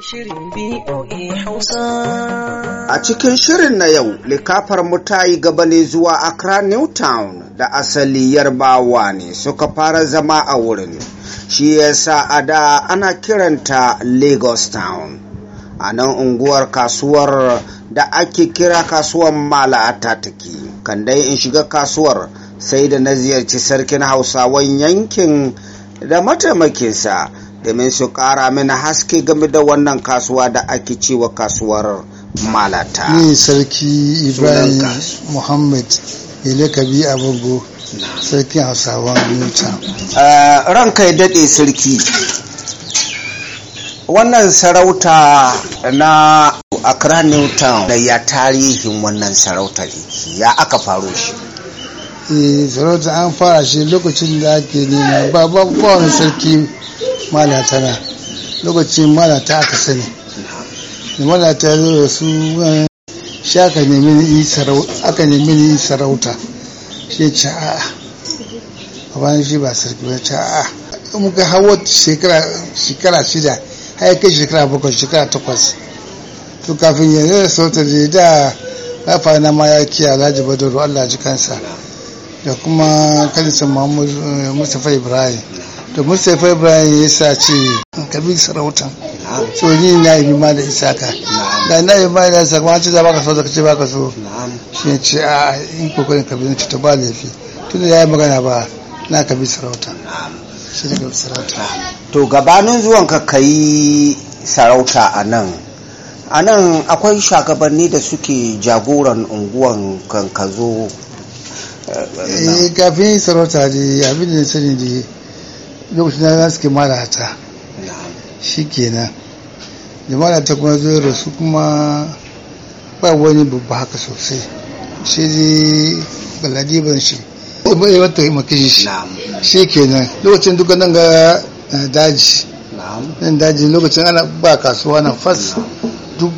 A cikin shirin na yau, likafar mu ta yi zuwa Accra town da asali yarbawa ne suka fara zama a wurin. Shi yasa a da ana kiranta Lagos Town. A nan unguwar kasuwar da ake kira kasuwar Mala take. Kan dai in shiga kasuwar sai da na ziyarci sarkin Hausawan yankin da mataimakinsa. domin su ƙara mana haske game da wannan kasuwa da ake cewa kasuwar malata ni sarki ibrahim muhammad ilekabi abubu sarki hausawa nuta eh, ranka ya daɗe sarki wannan sarauta na accra newtown da ya tarihin wannan sarautar ya aka faro shi eh, sarauta an fara shi lokacin da ake nema ba wani sarki malata na lokacin malata aka sani da malata ya zo da su shi aka nemi ni sarauta shi ce a'a a bayan shi ba sarki ba ce a. muka hawa shekara shida har kai shekara bakwai shekara takwas to kafin ya zai sautar da da rafa na ma ya kiya alhaji badaru allah ji kansa da kuma kalisan muhammadu eh, mustapha ibrahim da mustapha ibrahim ya sa ce kabi sarautan so ni na yi ma da isaka da na yi ma da isaka kuma ce za baka so da kace baka so shi ne ce a in kokarin kabi zan ce to ba laifi tun da ya yi magana ba na kabi sarautan shi ne kabi sarautan to gabanin zuwan ka yi sarauta a nan a nan akwai shagabanni da suke jagoran unguwan kankazo eh, eh, eh, kafin sarauta da abin da sani da lokacin da za su kimara ta shi kenan jama'a ta kuma zo rasu kuma ba wani babba haka sosai shi dai ban shi ba ya yi makishi shi shi kenan lokacin duka nan ga daji nan daji lokacin ana ba kasuwa nan fas duk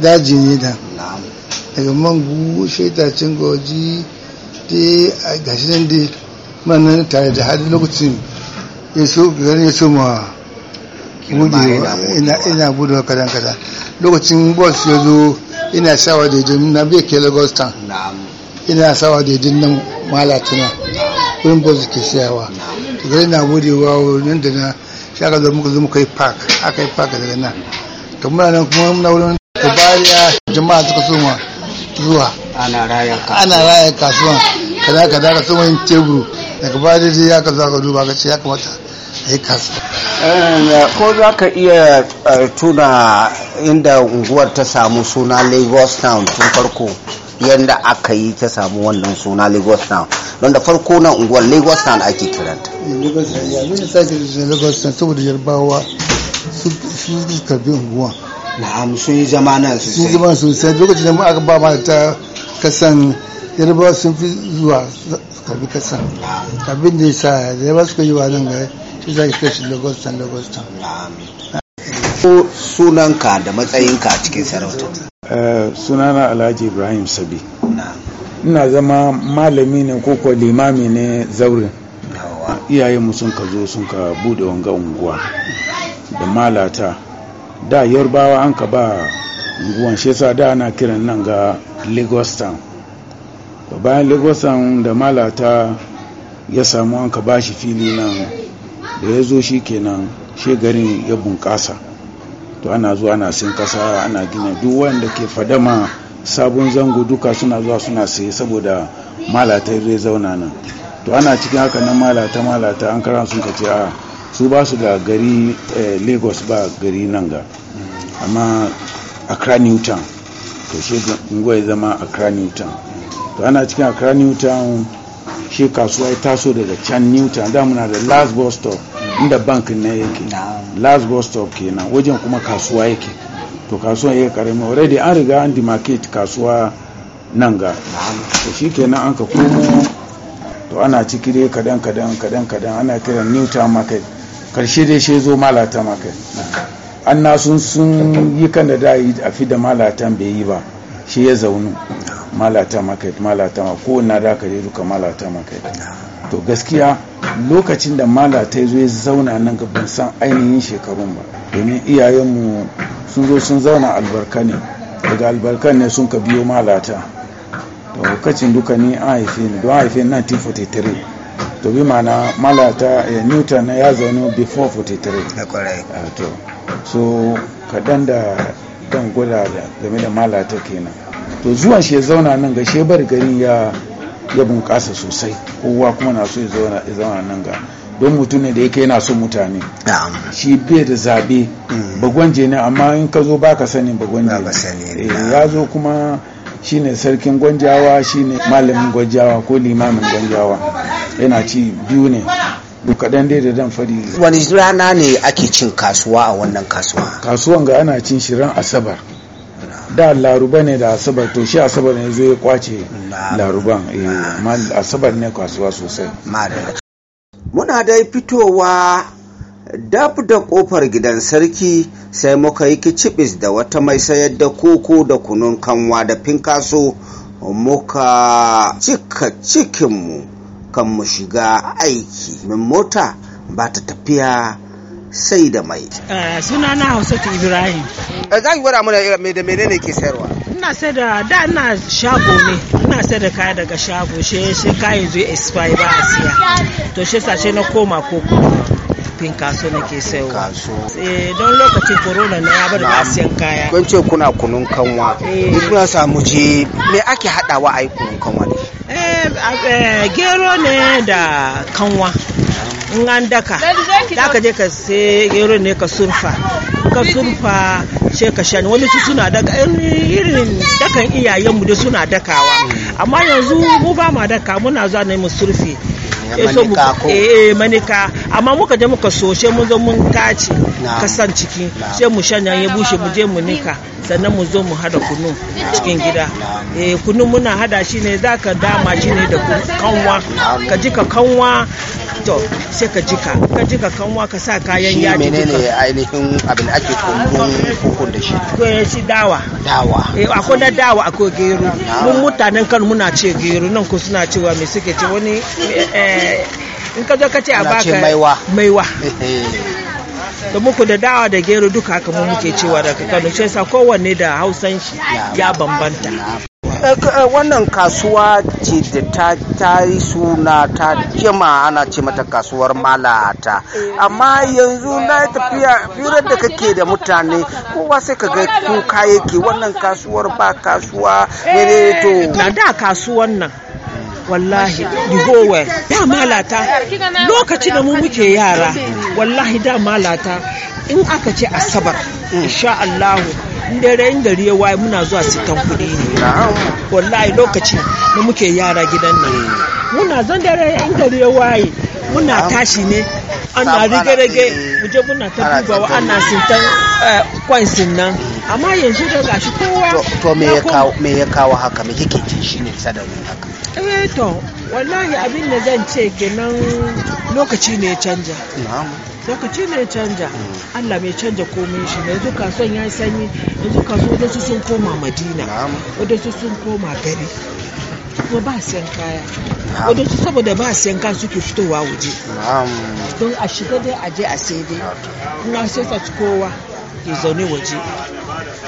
daji ne da daga mangu cin goji dai gashi nan dai manan tare da hali lokacin ya zan yi so ma gudewa ina gudewa kadan kadan lokacin bus ya zo ina sawa da jin na bai ke lagos town ina sawa da jin nan malatuna wurin bus ke sayawa to zai na gudewa wurin da na shaka zo muka zo muka yi park aka yi park daga nan to muna nan kuma muna wurin kubariya jama'a suka so ma zuwa ana raya kasuwan kada ka daga yin teburu daga baya dai ya ka zo ka duba ka ce ya kamata Uh, ko za ka iya uh, tuna inda unguwar ta samu suna lagos town tun farko yadda aka yi ta samu wannan suna lagos town don da farko na unguwar lagos town ake kiranta lagos town saboda yarbawa su karbi unguwa na'am sun yi zama nan sosai sun zama sosai lokacin da aka ba ma ta kasan yarbawa sun fi zuwa karbi kasan abin da ya sa yarbawa suka yi wa nan gari 2008 lagos lagos ko sunanka da matsayinka a cikin sarauta eh, sunana alhaji ibrahim sabi ina zama malami ne ko kuwa limami ne zaurin iyayenmu sun ka zo sun ka bude wanga unguwa da malata da yarbawa an ka ba unguwan shi yasa da ana kiran nan ga lagos town bayan lagos da malata ya samu an ka ba shi fili nan da ya zo shi kenan shi garin ya bunƙasa to ana zuwa ana sin kasa ana gina duk wanda ke fadama sabon zango duka suna zuwa suna saye saboda malata zai zauna nan to ana cikin haka nan malata malata an kara sun kace a su ba su da gari eh, lagos ba gari nan ga amma accra town to shi ya zama accra town to ana cikin accra town shi kasuwa ya taso daga can town da muna da last bus stop inda bank na yake last go stop kenan wajen kuma kasuwa yake to kasuwa yake karami already an riga an demarcate kasuwa nan ga to shi kenan an ka komo to ana ciki dai kadan kadan kadan kadan ana kiran new town market karshe dai shi zo malata market an na sun sun yi kan da dai a fi da malatan bai yi ba shi ya zaunu malata market malata ko na da ka je duka malata market to gaskiya lokacin da mala ta zo ya zauna nan ga ban san ainihin shekarun ba domin iyayenmu sun zo sun zauna albarka ne daga albarka ne sun ka biyo malata to lokacin duka ni an haife ni don haife ni 1943 to bi mana malata eh, newton ya zaune before 43 ah, to so kaɗan da dan gwada game da malata kenan to zuwan shi ya zauna nan ga shebar gari ya ya bunƙasa sosai kowa kuma na so ya zama nan ga don mutum ne da yake yana so mutane shi bai da zabe mm. bagwanje ne amma in ka zo baka sanin bagwanje eh, ya zo kuma shine sarkin gwanjawa shine malamin gwanjawa ko limamin gwanjawa yana ci biyu ne Kaɗan dai da dan fari wani rana ne ake cin kasuwa a wannan kasuwa kasuwan ga ana cin shirin asabar da laruba ne da asabar to shi asabar ne zai ya kwace laruban eh, amma asabar ne kasuwa sosai muna dai fitowa dab da kofar gidan sarki sai muka yi kicibis da wata mai sayar da koko da kunun kanwa da finkaso muka cika cikinmu kan mu shiga aiki min mota ba ta tafiya sai da mai. Eh, Suna na ta Ibrahim. Eh, za ki gwada mana da menene ke sayarwa? Ina sai da da ina shago ne. Ina sai da kaya daga shago she she kayan zai expire ba a siya. To she sashe na koma kuma Fin kaso na ke sayarwa. Eh, don lokacin corona na ya bar ba siyan kaya. Kun ce kuna kunun kanwa. ni Kuna samu je me ake hadawa ai kunun kanwa ne? gero ne da kanwa. in daka da ka je ka sai gero ne ka surfa ka surfa she ka shani wani su suna daka irin dakan iyayenmu da suna dakawa amma yanzu mu ba ma daka muna zuwa ne mu surfe eh, ko. Eh, eh, manika amma muka je muka soshe mun zo mun tace kasan ciki sai mu shanya ya bushe mu je mu nika sannan mu zo mu hada kunu cikin gida eh kunu muna hada shi ne zaka dama shi da kanwa ka ji ka kanwa to sai ka jika ka jika kanwa ka sa kayan yaji jika menene ainihin abin ake kumbun kukun da shi ko ya shi dawa dawa eh akwai na dawa akwai gero mun mutanen kan muna ce gero nan ko suna cewa me suke ce wani eh, in ka zo ka ce a baka maiwa maiwa da eh. muku da dawa da gero duka haka mu muke cewa daga Kano shi yasa kowanne da Hausan shi ya bambanta Eh, eh, wannan kasuwa ce da ta yi suna ta jima ana ce mata kasuwar malata amma yanzu na tafiya firar da kake da mutane kowa sai ka ga kuka yake wannan kasuwar ba kasuwa ne to na da kasuwan nan wallahi digowar da malata lokaci da mu muke yara wallahi da malata in aka ce asabar mm. insha ndere dai rayin gari ya waye muna zuwa sitan kuɗi ne wallahi lokacin da muke yara gidan nan muna zan da rayin gari ya waye muna tashi ne ana rige-rige muje muna ta dubawa ana sintan kwansin eh, nan amma yanzu da gashi kowa to me ya kawo haka me kike ji shine sadari haka eh to wallahi abin da zan ce kenan lokaci ne ya canja lokaci ne ya canja mm. allah mai canja komai shi ne yanzu kasuwan ya yi sanyi yanzu kaso wadansu sun koma madina wadansu sun koma gari kuma ba siyan kaya wadansu saboda ba siyan kaya suke fitowa waje don a shiga dai a je a sai dai kuma sai kowa ke zaune waje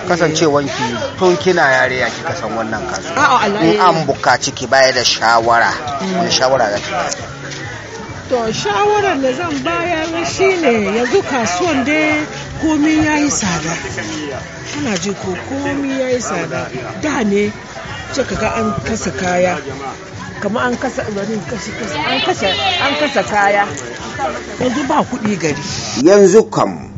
kasancewanki tun kina yare ya kika san wannan kasuwa in an bukaci ki baya da shawara wani mm. shawara za ki to shawarar da zan bayar shine yanzu kasuwan dai komi ya yi tsada ana ji ko komi ya yi tsada da ne cika ga an kasa kaya kama an kasa an kasa an kasa kaya yanzu ba kuɗi gari yanzu kam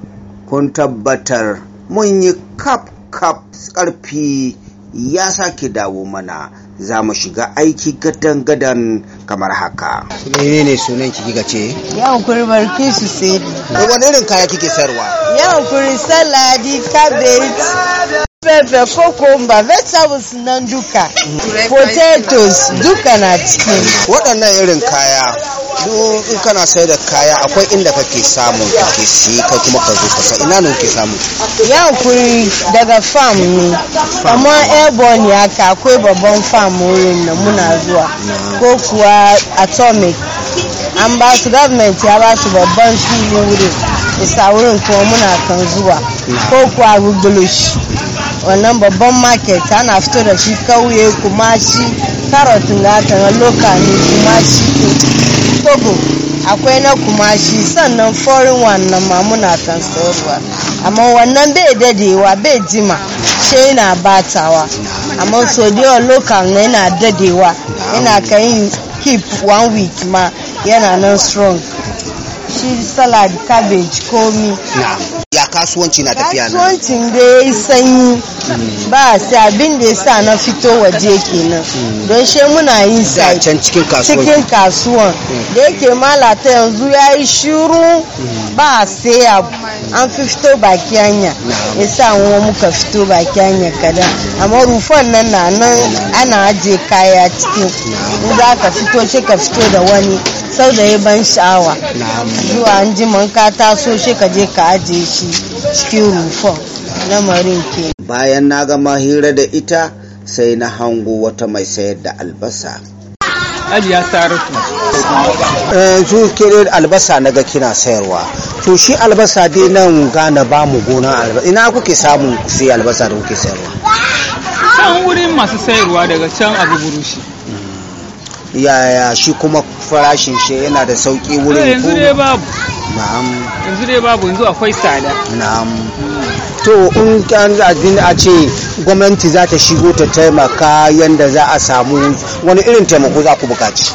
kun tabbatar mun yi kap-kap ƙarfi ya sake dawo mana za mu shiga aiki gadan-gadan kamar haka. Mene ne sunan kiki ga ce? Yawon kuri barki su sai. Da wani irin kaya kike sayarwa? Yawon kuri saladi, cabbage, pepper, cucumber, vegetables na duka, potatoes duka na cikin. Waɗannan irin kaya duk in kana da kaya akwai inda kake samu kake si kai kuma ka zo kasa ina ne kake samu ya kuri daga farm ne amma airborne ya ka akwai babban farm wurin nan muna zuwa ko kuwa atomic an ba su government ya ba su babban fili wurin isa wurin kuma muna kan zuwa ko kuwa rugulush wannan babban market ana fito da shi kauye kuma shi carrot na tana loka ne kuma shi togo akwai na kuma shi sannan foreign one na mamuna kan sayarwa amma wannan bai dadewa bai jima shi yana batawa amma so da local na yana dadewa yana kan keep one week ma yana nan strong shi salad cabbage komi kasuwanci na tafiya na kasuwancin da ya yi sanyi hmm. ba sai abin da ya sa na fito waje kenan hmm. don she muna yin sai can cikin kasuwan cikin kasuwan hmm. da yake malata yanzu ya yi shiru ba sai abu an fi fito baki hanya ya sa wa muka fito baki hanya kada amma rufon nan na nan ana aje kaya cikin in za ka fito shi ka fito da wani sau da ya ban sha'awa zuwa an ji ka taso shi ka je ka ajiye shi cikin rufon lamarin ke bayan na gama hira da ita sai na hango wata mai sayar da albasa ajiya eh, su kere albasa na ga kina sayarwa to shi albasa dai nan Gana ba mu gona albasa ina kuke samun sai albasa da kuke sayarwa can wurin masu sayarwa daga can abu burushi yaya shi kuma farashin shi yana da sauki wurin yanzu dai babu na'am yanzu dai babu yanzu akwai tsada na'am to in an abin a ce gwamnati za ta shigo ta taimaka yanda za a samu wani irin taimako za ku buƙaci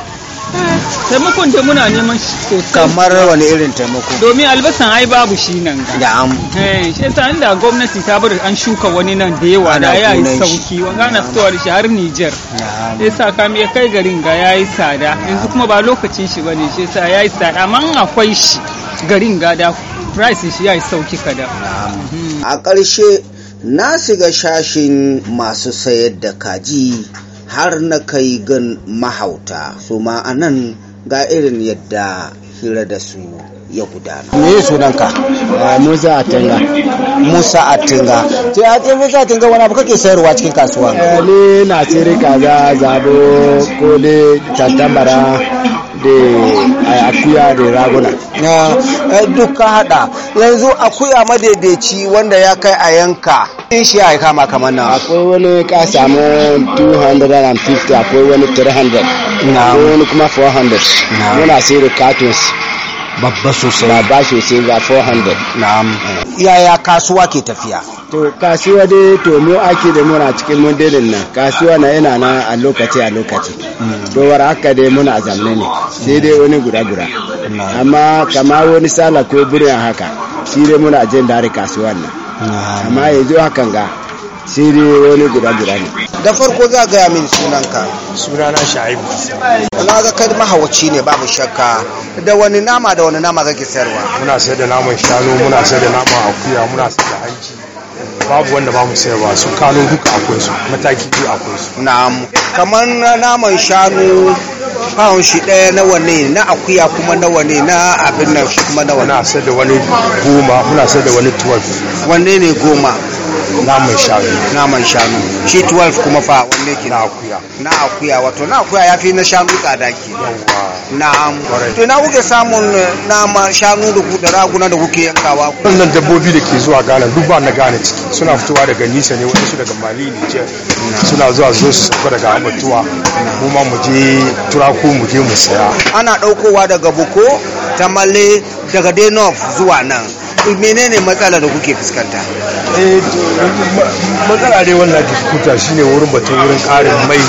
taimakon da muna neman shi sosai kamar wani irin taimako domin albasan ai babu shi nan ga da am eh, shi yasa inda gwamnati ta bar an shuka wani nan da yawa da ya yi sauki wanga ana fitowa da shi har Niger sa kam ya kai garin ga ya yi tsada yanzu kuma ba lokacin shi bane shi yasa yi tsada amma akwai shi garin ga da price shi yi sauki kada a ƙarshe na shiga shashin masu sayar da kaji har na kai gan mahauta su ma a nan ga irin yadda hira da su ya gudana. Me sunanka? Ah, Musa Atinga. Musa Atinga. Ce A ce Musa Atinga wani abu kake sayarwa cikin kasuwa? Ni na cire kaza zabo ko ne da akuya da raguna eh, duk ka hada yanzu akuya madaidaici wanda ya kai a yanka in shi ya kama kamar nan akwai wani ka samu 250 akwai wani 300 na wani kuma 400 muna sai da cartons babba sosai babba sosai ga 400 na'am yaya kasuwa ke tafiya to kasuwa dai to mu ake da muna cikin mundelin nan kasuwa na yana na a lokaci a lokaci to war haka dai muna zamne ne sai dai wani guda guda amma kama wani sala ko birnin haka shi dai muna jin dare kasuwan nan amma yanzu hakan ga sai dai wani guda guda ne da farko za gaya min sunanka sunana sha'ibu na ga kai mahawaci ne babu shakka da wani nama da wani nama kake sayarwa muna sayar da naman shanu muna sayar da naman akuya muna sayar da hanci babu wanda ba mu sayarwa su kano duka akwai su mataki biyu akwai su na'am kamar naman shanu pound shi ɗaya nawa ne na akuya kuma nawa ne na abin nan shi kuma nawa na sai da wani goma muna sai da wani 12 wanne ne goma naman shanu naman shanu shi 12 kuma fa wanne ke na akuya na akuya wato na akuya yafi na shanu tsada ke na'am to na kuke samun eh, nama shanu da ku da raguna da kuke yankawa wannan dabbobi da ke zuwa Ghana duk ba na Gane ciki suna fitowa daga nisa ne su daga Mali je suna zuwa zo su sauka daga Abatuwa mu ma mu je Turako mu je mu saya ana daukowa daga Boko Tamale daga Denof zuwa nan Eh, menene matsala da kuke fuskanta eh matsala dai wannan da kuta shine wurin batun wurin karin mai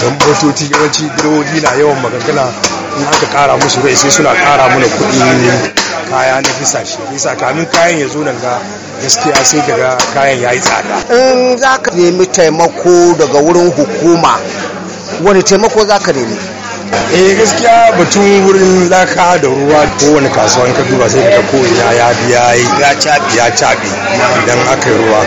don batoci yawanci direbobi na yawan magagana in aka kara musu rai sai suna kara mana kuɗi kaya na bisa shi bisa kamin kayan ya zo nan ga gaskiya sai daga kayan ya yi tsada in za ka nemi taimako daga wurin hukuma wani taimako za ka nemi eh gaskiya batun wurin laka da ruwa kowane kasuwan ka duba sai daga ina ya biya ya caɓe ya caɓe idan aka yi ruwa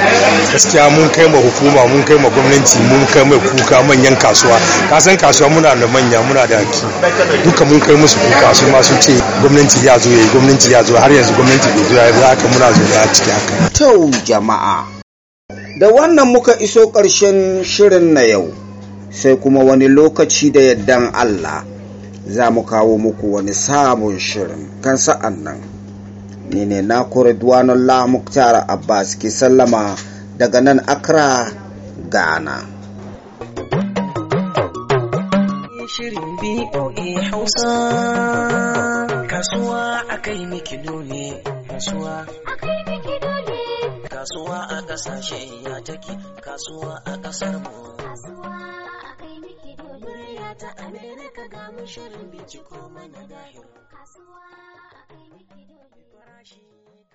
gaskiya mun kai ma hukuma mun kai ma gwamnati mun kai mai kuka manyan kasuwa Ka san kasuwa muna da manya muna da haki duka mun kai musu kuka su ma sun ce gwamnati ya zo yayi eh, gwamnati ya zo har yanzu gwamnati bai zo yayi zo haka muna zo da ciki haka. to jama'a da wannan muka iso ƙarshen shirin na yau sai kuma wani lokaci da yaddan Allah za mu kawo muku wani samun shirin kan sa'an nan ne ne na kuridwanon la muktar abbas suke sallama daga nan accra ghana shirin Hausa. Kasuwa a ƙasashen kasuwa. a kasashe ya take, kasuwa a mu. ta Amerika ga mu shirin binciko mana gahir. Kasuwa a kai miki dole.